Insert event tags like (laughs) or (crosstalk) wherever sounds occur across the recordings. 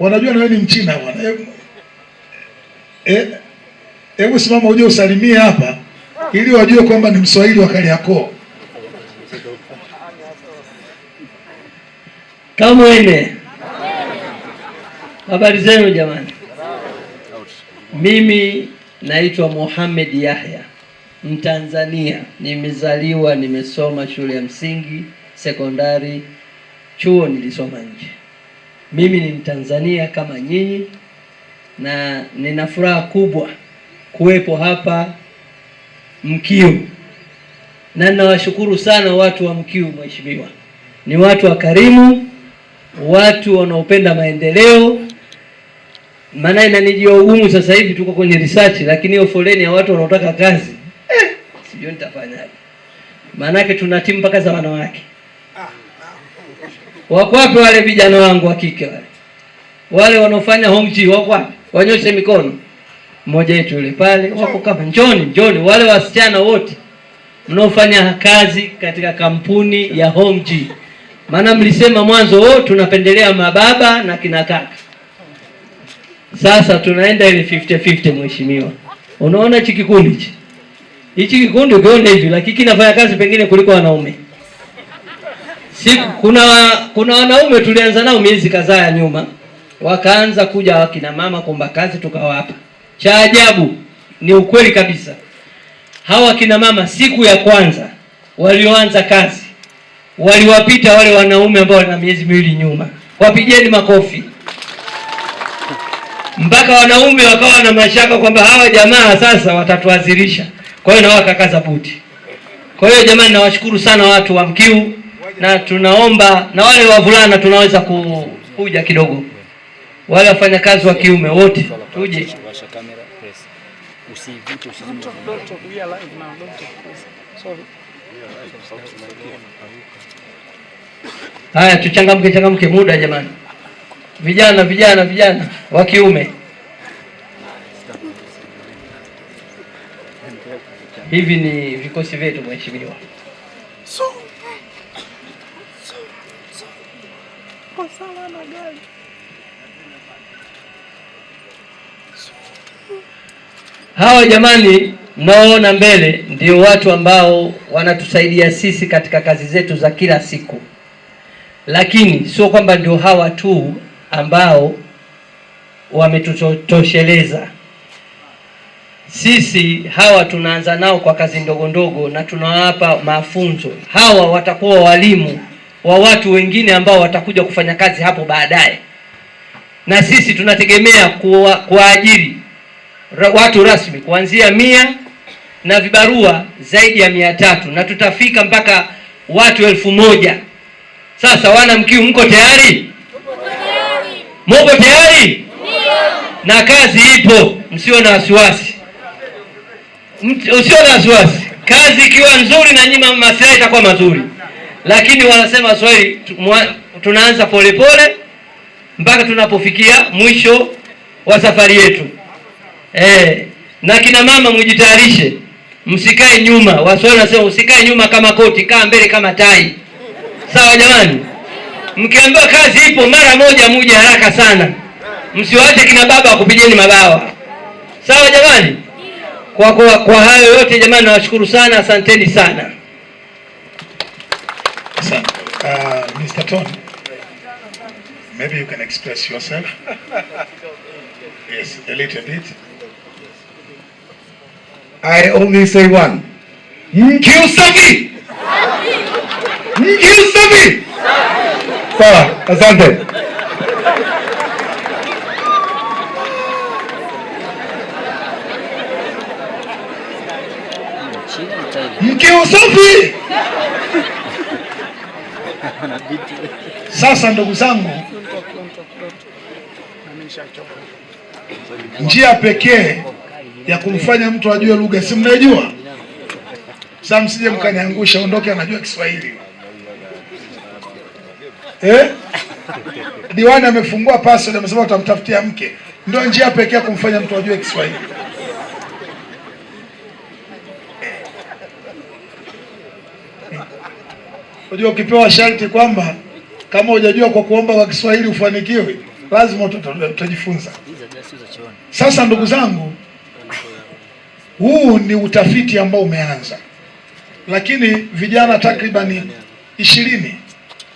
wanajua na wewe ni Mchina bwana. Hebu eh, simama uje usalimie hapa ili wajue kwamba ni Mswahili wa Kariakoo. Kamwene, habari zenu jamani. Mimi naitwa Mohamed Yahya, Mtanzania. Nimezaliwa, nimesoma shule ya msingi, sekondari, chuo nilisoma nje. Mimi ni Mtanzania kama nyinyi na nina furaha kubwa kuwepo hapa Mkiu, na ninawashukuru sana watu wa Mkiu. Mheshimiwa, ni watu wa karimu watu wanaopenda maendeleo, maana inanijia ugumu sasa hivi, tuko kwenye research, lakini hiyo foleni ya watu wanaotaka kazi eh, sijui nitafanyaje, maanake tuna timu mpaka za wanawake. Wako wapi wale vijana wangu wa kike wale? Wale wanaofanya hongji wako wapi? Wanyoshe mikono. Mmoja wetu yule pale wako kama njoni, njoni wale wasichana wote mnaofanya kazi katika kampuni ya Hongji. Maana mlisema mwanzo wote oh, tunapendelea mababa na kina kaka. Sasa tunaenda ile 50 50 mheshimiwa. Unaona hichi kikundi hichi? Hichi kikundi ukiona hivi lakini kinafanya kazi pengine kuliko wanaume si, kuna kuna wanaume tulianza nao miezi kadhaa ya nyuma, wakaanza kuja wakina mama kuomba kazi, tukawapa. Cha ajabu ni ukweli kabisa, hawa wakina mama siku ya kwanza walioanza kazi waliwapita wale wanaume ambao wana miezi miwili nyuma. Wapigeni makofi mpaka wanaume wakawa na mashaka kwamba hawa jamaa sasa watatuadhirisha. Kwa hiyo na wakakaza buti. Kwa hiyo jamani, nawashukuru sana watu wa Mkiu na tunaomba na wale wavulana tunaweza kuja kidogo, wale wafanyakazi wa kiume wote tuje. Haya, tuchangamke changamke, muda jamani, vijana vijana vijana wa kiume hivi ni vikosi vyetu mheshimiwa. sawa na gari. Hawa jamani, mnaoona mbele ndio watu ambao wanatusaidia sisi katika kazi zetu za kila siku, lakini sio kwamba ndio hawa tu ambao wametutosheleza sisi. Hawa tunaanza nao kwa kazi ndogo ndogo na tunawapa mafunzo. Hawa watakuwa walimu wa watu wengine ambao watakuja kufanya kazi hapo baadaye, na sisi tunategemea kuwaajiri watu rasmi kuanzia mia na vibarua zaidi ya mia tatu na tutafika mpaka watu elfu moja. Sasa wana Mkiu, mko tayari? Mko tayari? na kazi ipo, msio na wasiwasi, usio na wasiwasi. Kazi ikiwa nzuri na nyima masaa itakuwa mazuri lakini wanasema Swahili tunaanza polepole mpaka tunapofikia mwisho wa safari yetu eh. Na kina mama mujitayarishe, msikae nyuma. waswali wanasema usikae nyuma kama koti, kaa mbele kama tai. Sawa jamani, mkiambiwa kazi ipo mara moja, muje haraka sana, msiwaache kina baba wakupigeni mabawa. Sawa jamani, kwa, kwa, kwa hayo yote jamani, nawashukuru sana, asanteni sana. Cotton, maybe you can express yourself. (laughs) Yes, a little bit. I only say one. Mkiusafi! Mkiusafi! Sawa, asante. Mkiusafi! Sasa ndugu zangu, njia pekee ya kumfanya mtu ajue lugha si mnaijua? Sasa msije mkaniangusha, ondoke anajua Kiswahili eh? Diwani amefungua passport amesema utamtafutia mke, ndio njia pekee ya kumfanya mtu ajue Kiswahili. Unajua, ukipewa sharti kwamba kama hujajua kwa kuomba kwa Kiswahili ufanikiwe, lazima utajifunza. Sasa ndugu zangu, huu ni utafiti ambao umeanza, lakini vijana takribani ishirini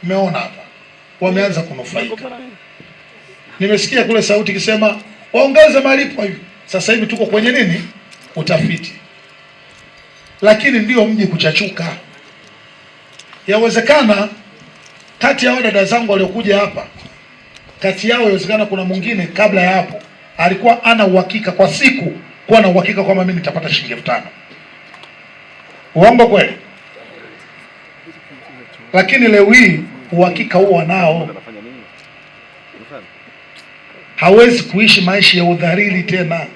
umeona hapa wameanza kunufaika. Nimesikia kule sauti ikisema waongeze malipo hivi. Sasa hivi tuko kwenye nini? Utafiti, lakini ndio mji kuchachuka. Yawezekana kati ya dada zangu waliokuja hapa, kati yao yawezekana kuna mwingine kabla ya hapo alikuwa ana uhakika kwa siku, kuwa na uhakika kwamba mimi nitapata shilingi elfu tano. Uongo kweli? Lakini leo hii uhakika huo wanao, hawezi kuishi maisha ya udhalili tena.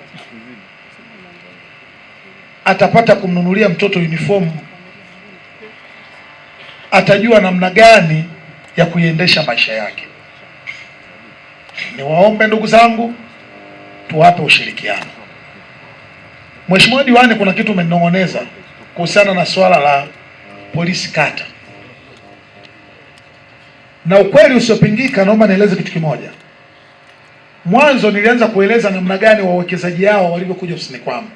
Atapata kumnunulia mtoto uniformu atajua namna gani ya kuiendesha maisha yake. Niwaombe ndugu zangu, tuwape ushirikiano. Mheshimiwa Diwani, kuna kitu umenong'oneza kuhusiana na swala la polisi kata, na ukweli usiopingika, naomba nieleze kitu kimoja. Mwanzo nilianza kueleza namna gani wawekezaji hao walivyokuja ofisini kwangu,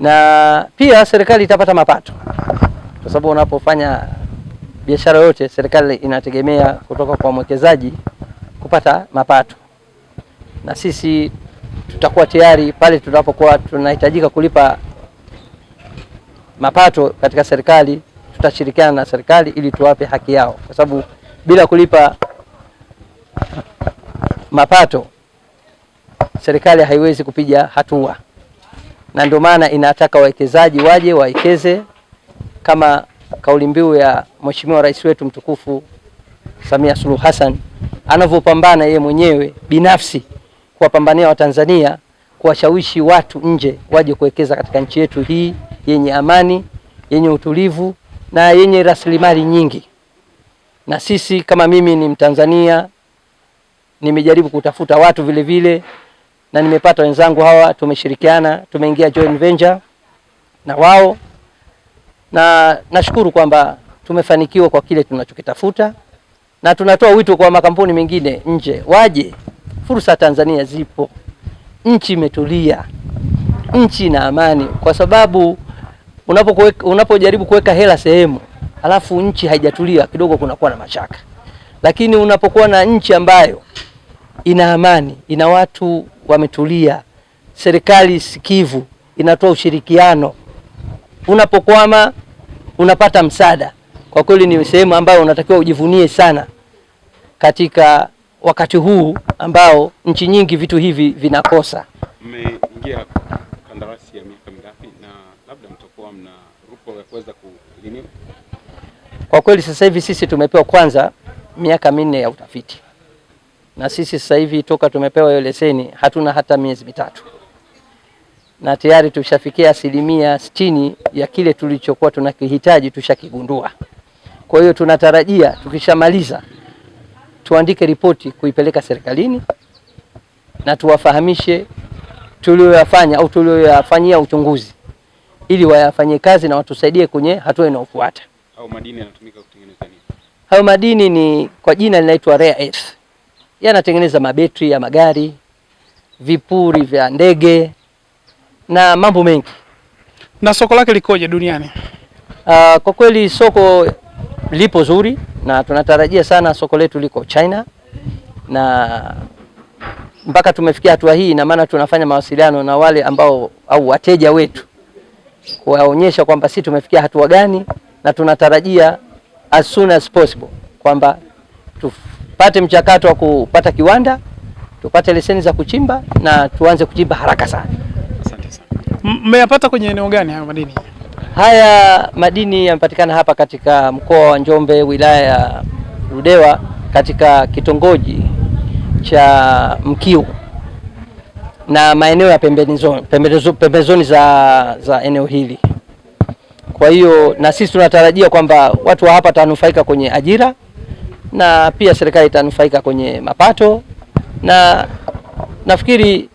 na pia serikali itapata mapato kwa sababu unapofanya biashara yote, serikali inategemea kutoka kwa mwekezaji kupata mapato, na sisi tutakuwa tayari pale tunapokuwa tunahitajika kulipa mapato katika serikali, tutashirikiana na serikali ili tuwape haki yao, kwa sababu bila kulipa mapato serikali haiwezi kupiga hatua, na ndio maana inataka wawekezaji waje wawekeze kama kauli mbiu ya Mheshimiwa Rais wetu mtukufu Samia Suluhu Hassan anavyopambana yeye mwenyewe binafsi kuwapambania Watanzania, kuwashawishi watu nje waje kuwekeza katika nchi yetu hii yenye amani, yenye utulivu na yenye rasilimali nyingi. Na sisi kama mimi ni Mtanzania, nimejaribu kutafuta watu vile vile na nimepata wenzangu hawa, tumeshirikiana, tumeingia joint venture na wao na nashukuru kwamba tumefanikiwa kwa kile tunachokitafuta, na tunatoa wito kwa makampuni mengine nje waje. Fursa Tanzania zipo, nchi imetulia, nchi ina amani, kwa sababu unapojaribu kuweka hela sehemu alafu nchi haijatulia kidogo, kunakuwa na mashaka, lakini unapokuwa na nchi ambayo ina amani, ina watu wametulia, serikali sikivu inatoa ushirikiano, unapokwama unapata msaada. Kwa kweli ni sehemu ambayo unatakiwa ujivunie sana katika wakati huu ambao nchi nyingi vitu hivi vinakosa. Mmeingia kandarasi ya miaka mingapi na labda mtakuwa mna rupo ya kuweza kulinia? Kwa kweli sasa hivi sisi tumepewa kwanza miaka minne ya utafiti, na sisi sasa hivi toka tumepewa hiyo leseni hatuna hata miezi mitatu na tayari tushafikia asilimia sitini ya kile tulichokuwa tunakihitaji tushakigundua. Kwa hiyo tunatarajia tukishamaliza tuandike ripoti kuipeleka serikalini na tuwafahamishe tulioyafanya au tulioyafanyia uchunguzi ili wayafanyie kazi na watusaidie kwenye hatua inayofuata. Hayo madini yanatumika kutengeneza nini? Hayo madini ni kwa jina linaitwa rare earth. Yanatengeneza mabetri ya magari, vipuri vya ndege na mambo mengi. Na soko lake likoje duniani? Uh, kwa kweli soko lipo zuri na tunatarajia sana soko letu liko China na mpaka tumefikia hatua hii, ina maana tunafanya mawasiliano na wale ambao au wateja wetu kuwaonyesha kwamba si tumefikia hatua gani, na tunatarajia as soon as possible kwamba tupate mchakato wa kupata kiwanda, tupate leseni za kuchimba na tuanze kuchimba haraka sana mmeyapata kwenye eneo gani haya madini? Haya madini yanapatikana hapa katika mkoa wa Njombe, wilaya ya Ludewa, katika kitongoji cha Mkiu na maeneo ya pembezoni za, za eneo hili. Kwa hiyo na sisi tunatarajia kwamba watu wa hapa watanufaika kwenye ajira na pia serikali itanufaika kwenye mapato, na nafikiri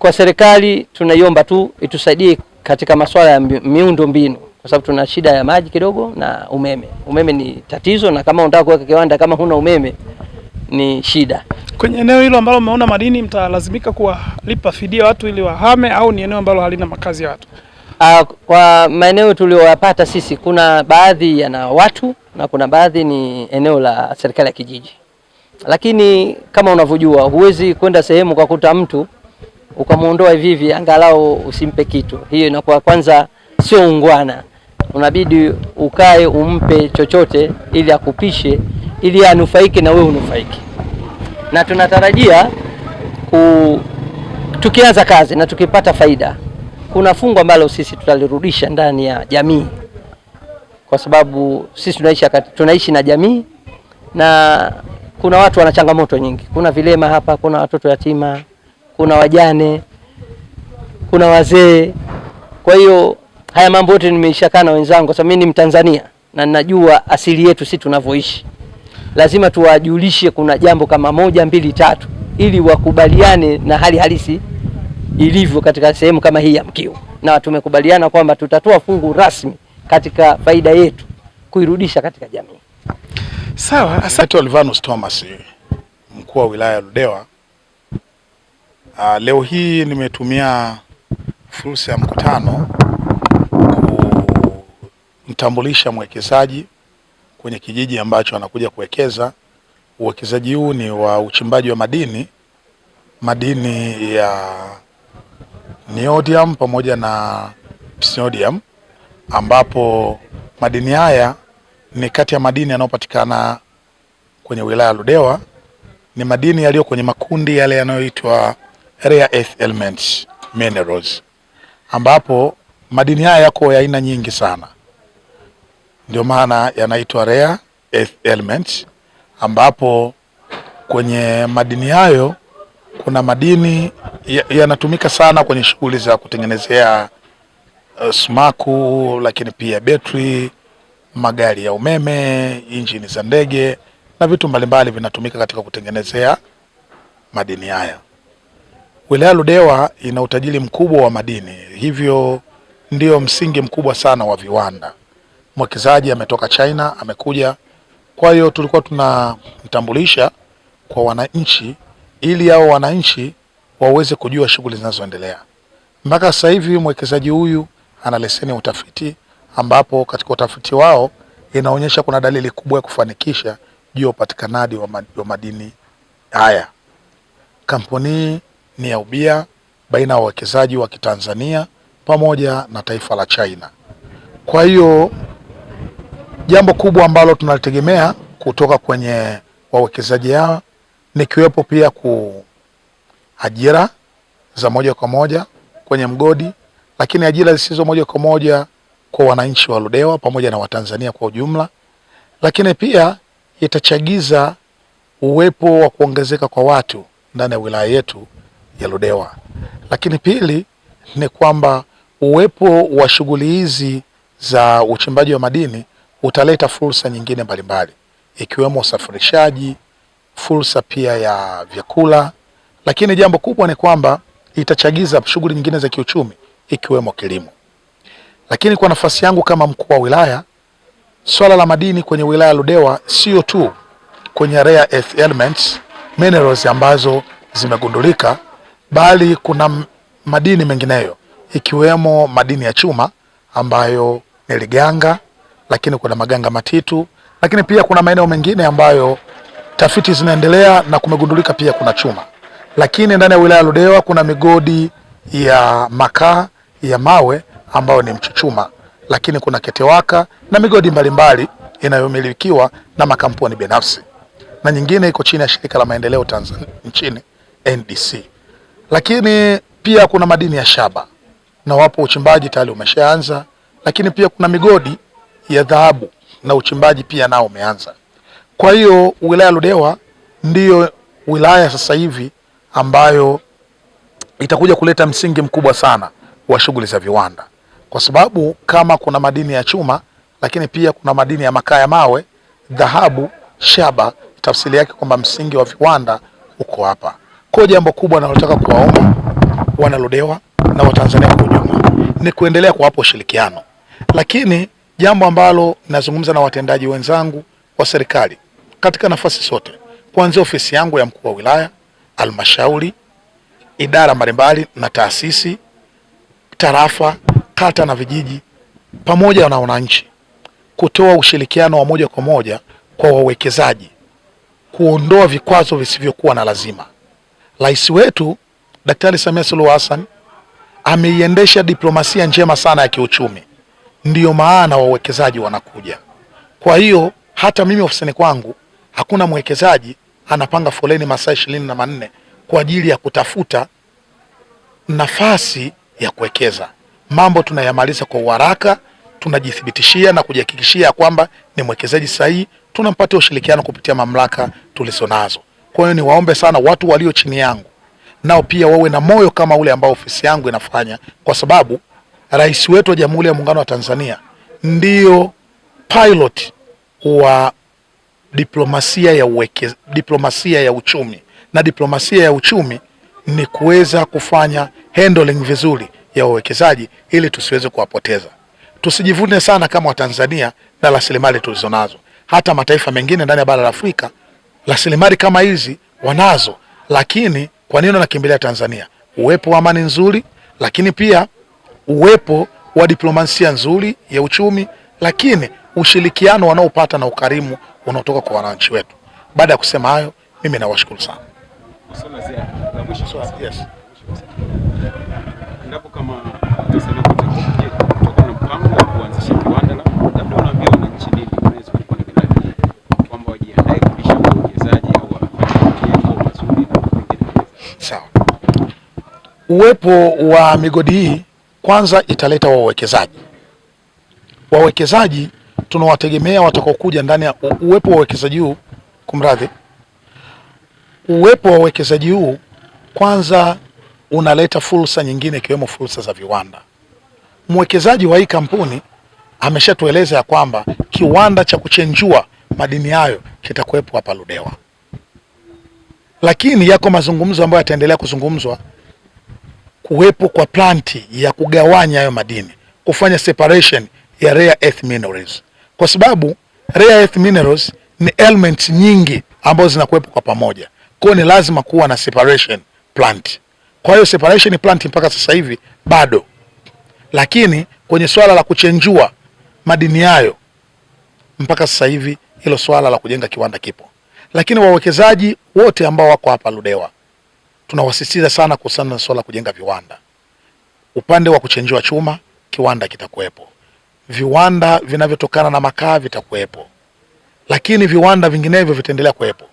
kwa serikali tunaiomba tu itusaidie katika masuala ya miundo mbinu, kwa sababu tuna shida ya maji kidogo na umeme. Umeme ni tatizo, na kama unataka kuweka kiwanda kama huna umeme ni shida. Kwenye eneo hilo ambalo umeona madini, mtalazimika kuwalipa fidia watu ili wahame, au ni eneo ambalo halina makazi ya watu? Aa, ah, kwa maeneo tuliyoyapata sisi, kuna baadhi yana watu na kuna baadhi ni eneo la serikali ya kijiji, lakini kama unavyojua huwezi kwenda sehemu kwa kuta mtu ukamwondoa hivi hivi, angalau usimpe kitu. Hiyo inakuwa kwanza sio ungwana, unabidi ukae umpe chochote ili akupishe, ili anufaike na wewe unufaike. Na tunatarajia ku, tukianza kazi na tukipata faida, kuna fungu ambalo sisi tutalirudisha ndani ya jamii, kwa sababu sisi tunaishi, tunaishi na jamii na kuna watu wana changamoto nyingi, kuna vilema hapa, kuna watoto yatima kuna wajane, kuna wazee. Kwa hiyo haya mambo yote nimeishakaa na wenzangu, kwa sababu mimi ni Mtanzania na ninajua asili yetu, si tunavyoishi. Lazima tuwajulishe kuna jambo kama moja, mbili, tatu, ili wakubaliane na hali halisi ilivyo katika sehemu kama hii ya Mkiu, na tumekubaliana kwamba tutatoa fungu rasmi katika faida yetu kuirudisha katika jamii. Sawa, asante Olivanus Thomas, mkuu wa wilaya ya Ludewa. Uh, leo hii nimetumia fursa ya mkutano kumtambulisha mwekezaji kwenye kijiji ambacho anakuja kuwekeza. Uwekezaji huu ni wa uchimbaji wa madini, madini ya neodymium pamoja na pseudodymium, ambapo madini haya ni kati ya madini yanayopatikana kwenye wilaya ya Ludewa. Ni madini yaliyo kwenye makundi yale yanayoitwa rare earth elements minerals, ambapo madini haya yako ya aina nyingi sana, ndio maana yanaitwa rare earth elements, ambapo kwenye madini hayo kuna madini yanatumika ya sana kwenye shughuli za kutengenezea uh, sumaku, lakini pia betri, magari ya umeme, injini za ndege na vitu mbalimbali vinatumika katika kutengenezea madini haya. Wilaya Ludewa ina utajiri mkubwa wa madini, hivyo ndio msingi mkubwa sana wa viwanda. Mwekezaji ametoka China amekuja, kwa hiyo tulikuwa tunamtambulisha kwa wananchi ili hao wananchi waweze kujua shughuli zinazoendelea. Mpaka sasa hivi mwekezaji huyu ana leseni ya utafiti, ambapo katika utafiti wao inaonyesha kuna dalili kubwa ya kufanikisha juu ya upatikanaji wa madini haya. Kampuni ni ya ubia baina ya wawekezaji wa Kitanzania pamoja na taifa la China. Kwa hiyo jambo kubwa ambalo tunalitegemea kutoka kwenye wawekezaji hawa ni kiwepo pia ku ajira za moja kwa moja kwenye mgodi, lakini ajira zisizo moja kwa moja kwa wananchi wa Ludewa pamoja na Watanzania kwa ujumla, lakini pia itachagiza uwepo wa kuongezeka kwa watu ndani ya wilaya yetu ya Ludewa. Lakini pili ni kwamba uwepo wa shughuli hizi za uchimbaji wa madini utaleta fursa nyingine mbalimbali ikiwemo usafirishaji, fursa pia ya vyakula, lakini jambo kubwa ni kwamba itachagiza shughuli nyingine za kiuchumi ikiwemo kilimo. Lakini kwa nafasi yangu kama mkuu wa wilaya, swala la madini kwenye wilaya Ludewa sio tu kwenye rare earth elements minerals ambazo zimegundulika bali kuna madini mengineyo ikiwemo madini ya chuma ambayo ni Liganga, lakini kuna Maganga Matitu, lakini pia kuna maeneo mengine ambayo tafiti zinaendelea na kumegundulika pia kuna chuma. Lakini ndani ya wilaya Ludewa kuna migodi ya makaa ya mawe ambayo ni Mchuchuma, lakini kuna Ketewaka na migodi mbalimbali inayomilikiwa na makampuni binafsi na nyingine iko chini ya shirika la maendeleo Tanzania nchini NDC lakini pia kuna madini ya shaba na wapo uchimbaji tayari umeshaanza, lakini pia kuna migodi ya dhahabu na uchimbaji pia nao umeanza. Kwa hiyo wilaya Ludewa ndiyo wilaya sasa hivi ambayo itakuja kuleta msingi mkubwa sana wa shughuli za viwanda, kwa sababu kama kuna madini ya chuma, lakini pia kuna madini ya makaa ya mawe, dhahabu, shaba, tafsiri yake kwamba msingi wa viwanda uko hapa. Kwa jambo kubwa analotaka kuwaomba wanalodewa na Watanzania kwa ujumla ni kuendelea kuwapa ushirikiano, lakini jambo ambalo nazungumza na watendaji wenzangu wa serikali katika nafasi zote, kuanzia ofisi yangu ya mkuu wa wilaya, halmashauri, idara mbalimbali na taasisi, tarafa, kata na vijiji, pamoja na wananchi, kutoa ushirikiano wa moja kwa moja kwa wawekezaji, kuondoa vikwazo visivyokuwa na lazima. Rais wetu Daktari Samia Suluhu Hassan ameiendesha diplomasia njema sana ya kiuchumi, ndiyo maana wawekezaji wanakuja. Kwa hiyo hata mimi ofisini kwangu hakuna mwekezaji anapanga foleni masaa ishirini na manne kwa ajili ya kutafuta nafasi ya kuwekeza. Mambo tunayamaliza kwa uharaka, tunajithibitishia na kujihakikishia kwamba ni mwekezaji sahihi, tunampatia ushirikiano kupitia mamlaka tulizonazo. Kwa hiyo niwaombe sana watu walio chini yangu nao pia wawe na moyo kama ule ambao ofisi yangu inafanya, kwa sababu rais wetu wa Jamhuri ya Muungano wa Tanzania ndio pilot wa diplomasia ya uweke, diplomasia ya uchumi na diplomasia ya uchumi ni kuweza kufanya handling vizuri ya wawekezaji ili tusiweze kuwapoteza. Tusijivune sana kama Watanzania na rasilimali tulizonazo. Hata mataifa mengine ndani ya bara la Afrika rasilimali kama hizi wanazo, lakini kwa nini wanakimbilia Tanzania? Uwepo wa amani nzuri, lakini pia uwepo wa diplomasia nzuri ya uchumi, lakini ushirikiano wanaopata na ukarimu unaotoka kwa wananchi wetu. Baada ya kusema hayo, mimi nawashukuru sana. Yes. Sawa. Uwepo wa migodi hii kwanza italeta wawekezaji. Wawekezaji tunawategemea watakaokuja ndani ya uwepo wa wawekezaji huu, kumradhi, uwepo wa wawekezaji huu kwanza unaleta fursa nyingine ikiwemo fursa za viwanda. Mwekezaji wa hii kampuni ameshatueleza ya kwamba kiwanda cha kuchenjua madini hayo kitakuwepo hapa Ludewa lakini yako mazungumzo ambayo yataendelea kuzungumzwa, kuwepo kwa planti ya kugawanya hayo madini, kufanya separation ya rare earth minerals, kwa sababu rare earth minerals ni elements nyingi ambazo zinakuwepo kwa pamoja, kwa ni lazima kuwa na separation plant. Kwa hiyo separation plant mpaka sasa hivi bado, lakini kwenye swala la kuchenjua madini hayo mpaka sasa hivi hilo swala la kujenga kiwanda kipo lakini wawekezaji wote ambao wako hapa Ludewa tunawasisitiza sana kuhusiana na swala kujenga viwanda. Upande wa kuchenjiwa chuma, kiwanda kitakuwepo, viwanda vinavyotokana na makaa vitakuwepo, lakini viwanda vinginevyo vitaendelea kuwepo.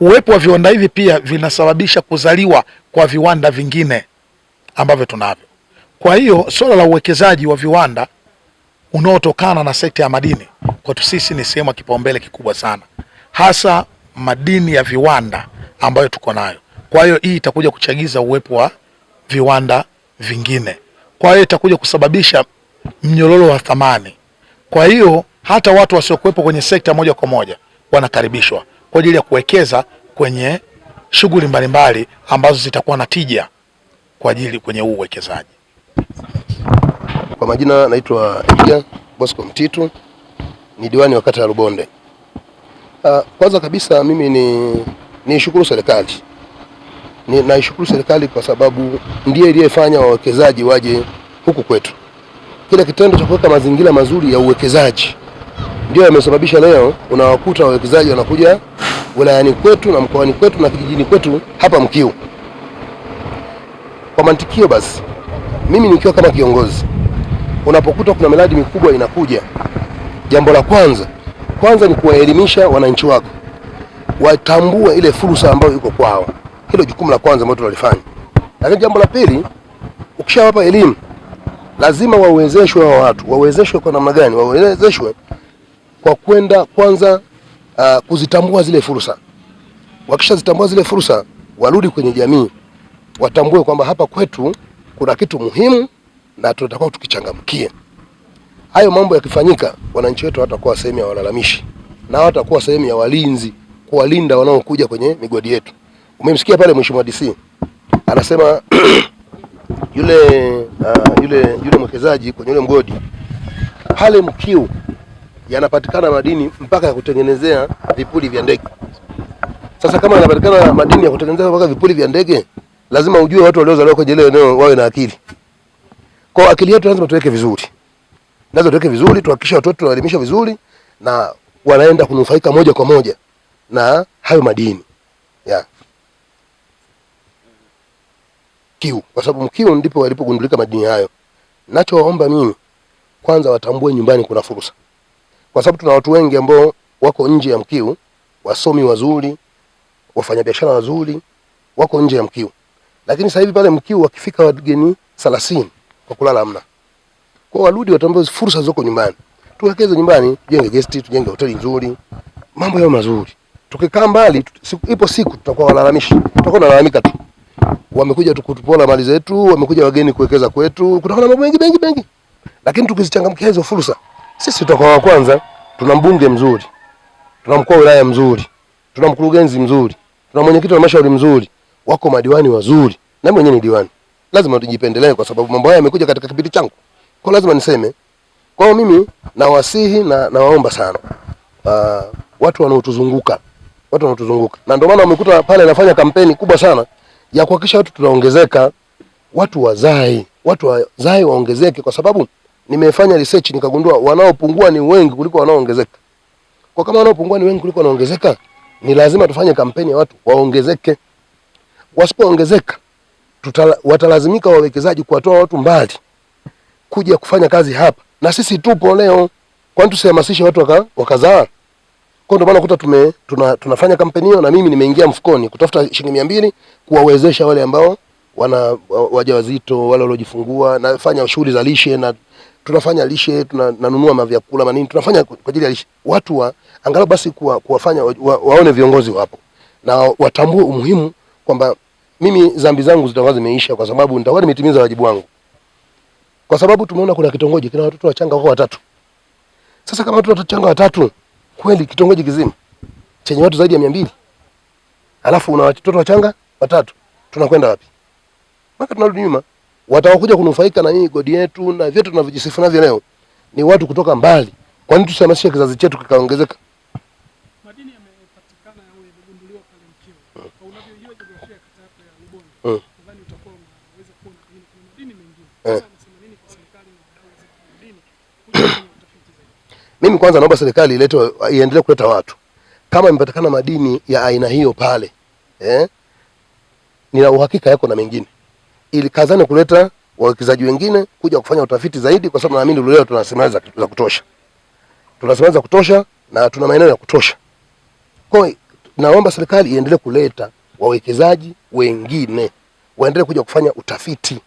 Uwepo wa viwanda hivi pia vinasababisha kuzaliwa kwa viwanda vingine ambavyo tunavyo. Kwa hiyo swala la uwekezaji wa viwanda unaotokana na sekta ya madini kwetu sisi ni sehemu ya kipaumbele kikubwa sana, hasa madini ya viwanda ambayo tuko nayo. Kwa hiyo hii itakuja kuchagiza uwepo wa viwanda vingine, kwa hiyo itakuja kusababisha mnyororo wa thamani. Kwa hiyo hata watu wasiokuwepo kwenye sekta moja kwa moja wanakaribishwa kwa ajili ya kuwekeza kwenye shughuli mbalimbali ambazo zitakuwa na tija kwa ajili kwenye huu uwekezaji. Kwa majina naitwa Iga Bosco Mtitu, ni diwani wa kata ya rubonde Ah, kwanza kabisa mimi ni niishukuru serikali ni, naishukuru serikali kwa sababu ndiye iliyefanya wawekezaji waje huku kwetu. Kile kitendo cha kuweka mazingira mazuri ya uwekezaji ndio yamesababisha leo unawakuta wawekezaji wanakuja wilayani kwetu na mkoani kwetu na kijijini kwetu hapa Mkiu. Kwa mantikio basi, mimi nikiwa kama kiongozi, unapokuta kuna miradi mikubwa inakuja, jambo la kwanza kwanza ni kuwaelimisha wananchi wako watambue ile fursa ambayo iko kwao. Hilo jukumu la kwanza ambalo tunalifanya, lakini jambo la pili, ukishawapa elimu lazima wawezeshwe wa watu wawezeshwe kwa namna gani? Wawezeshwe kwa kwenda kwanza, uh, kuzitambua zile fursa. Wakishazitambua zile fursa, warudi kwenye jamii, watambue kwamba hapa kwetu kuna kitu muhimu na tunatakiwa tukichangamkie hayo mambo yakifanyika, wananchi wetu hawatakuwa sehemu ya walalamishi na hawatakuwa sehemu ya walinzi kuwalinda wanaokuja kwenye migodi yetu. Umemsikia pale mheshimiwa DC anasema (clears throat) yule, uh, yule yule mwekezaji kwenye yule mgodi pale Mkiu yanapatikana madini mpaka ya kutengenezea vipuli vya ndege. Sasa kama yanapatikana madini ya kutengenezea mpaka vipuli vya ndege, lazima ujue watu waliozaliwa kwenye ile eneo wawe na akili. Kwa akili yetu lazima tuweke vizuri nazo tuweke vizuri, tuhakikishe watoto tunawaelimisha vizuri na wanaenda kunufaika moja kwa moja na hayo madini ya kiu, kwa sababu mkiu ndipo walipogundulika madini hayo. Nachowaomba mimi kwanza, watambue nyumbani kuna fursa, kwa sababu tuna watu wengi ambao wako nje ya mkiu, wasomi wazuri, wafanyabiashara wazuri, wako nje ya mkiu, lakini sasa hivi pale mkiu wakifika wageni 30 kwa kulala hamna. Kwa warudi watambue fursa zoko nyumbani. Tuwekeze nyumbani, tujenge gesti, tujenge hoteli nzuri. Mambo yao mazuri. Tukikaa mbali siku, ipo siku tutakuwa walalamishi. Tutakuwa nalalamika tu. Wamekuja tukutupola mali zetu, wamekuja wageni kuwekeza kwetu. Kutakuwa na mambo mengi mengi mengi. Lakini tukizichangamkia hizo fursa, sisi tutakuwa wa kwanza. Tuna mbunge mzuri. Tuna mkuu wa wilaya mzuri. Tuna mkurugenzi mzuri. Tuna mwenyekiti wa halmashauri mzuri. Wako madiwani wazuri. Na mimi mwenyewe ni diwani. Lazima tujipendelee kwa sababu mambo haya yamekuja katika kipindi changu. Kwa lazima niseme kwao, mimi nawasihi na nawaomba sana uh, watu wanaotuzunguka watu wanaotuzunguka, na ndio maana wamekuta pale nafanya kampeni kubwa sana ya kuhakikisha watu tunaongezeka, watu wazae, watu wazae waongezeke, kwa sababu nimefanya research nikagundua wanaopungua ni wengi kuliko wanaoongezeka. Kwa kama wanaopungua ni wengi kuliko wanaongezeka, ni lazima tufanye kampeni ya watu waongezeke. Wasipoongezeka watalazimika wawekezaji kuwatoa watu mbali kuja kufanya kazi hapa, na sisi tupo leo. Kwani tusihamasishe watu waka, wakazaa? Kwa ndio maana kuta tume tuna, tunafanya kampeni hiyo, na mimi nimeingia mfukoni kutafuta shilingi 200 kuwawezesha wale ambao wana wajawazito wale waliojifungua, nafanya shughuli za lishe na tunafanya lishe, tunanunua mavyakula manini, tunafanya kwa ajili ya lishe watu wa angalau basi kuwa, kuwafanya wa, wa, waone viongozi wapo na watambue umuhimu kwamba mimi dhambi zangu zitakuwa zimeisha, kwa sababu nitakuwa nimetimiza wajibu wangu kwa sababu tumeona kuna kitongoji kina watoto wachanga wako watatu. Sasa kama watoto wachanga watatu kweli, kitongoji kizima chenye watu zaidi ya mia mbili alafu una watoto wachanga watatu, tunakwenda wapi? Maka tunarudi nyuma. Watakuja kunufaika na nyinyi godi yetu na vyetu tunavyojisifu navyo leo ni watu kutoka mbali. Kwa nini tusihamasishe kizazi chetu kikaongezeka? Mm. Mm. Eh. Mimi kwanza naomba serikali ilete iendelee kuleta watu kama imepatikana madini ya aina hiyo pale eh, nina uhakika yako na mengine, ili kazani kuleta wawekezaji wengine kuja kufanya utafiti zaidi, kwa sababu naamini leo tuna rasilimali za kutosha, tuna rasilimali za kutosha na tuna maeneo ya kutosha. Kwa hiyo naomba serikali iendelee kuleta wawekezaji wengine waendelee kuja kufanya utafiti.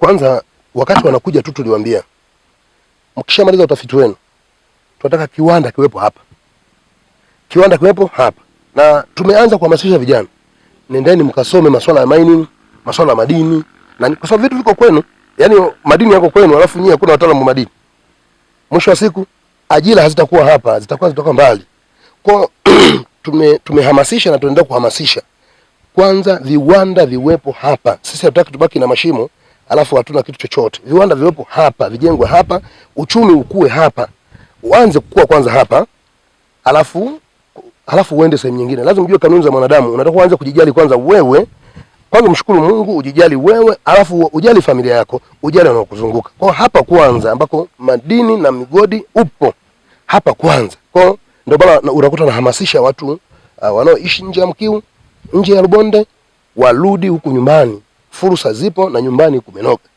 Kwanza wakati wanakuja tu tuliwaambia, mkishamaliza utafiti wenu tunataka kiwanda kiwepo hapa, kiwanda kiwepo hapa, na tumeanza kuhamasisha vijana, nendeni mkasome masuala ya mining, masuala ya madini, na kwa sababu vitu viko kwenu, yani madini yako kwenu, alafu nyinyi hakuna wataalamu wa madini. Mwisho wa siku ajira hazitakuwa hapa, zitakuwa zitoka mbali. Kwa (clears throat) tume tumehamasisha na tunaendelea kuhamasisha, kwanza viwanda viwepo hapa. Sisi hatutaki tubaki na mashimo alafu hatuna kitu chochote. Viwanda viwepo hapa, vijengwe hapa, uchumi ukue hapa, uanze kukua kwanza hapa, alafu alafu uende sehemu nyingine. Lazima ujue kanuni za mwanadamu, unataka uanze kujijali kwanza wewe kwanza mshukuru Mungu, ujijali wewe, alafu ujali familia yako, ujali wanaokuzunguka. Kwa hapa kwanza ambako madini na migodi upo hapa kwanza. Kwa ndio bana unakuta nahamasisha watu uh, wanaoishi nje ya Mkiu, nje ya Rubonde, warudi huku nyumbani fursa zipo na nyumbani kumenoka.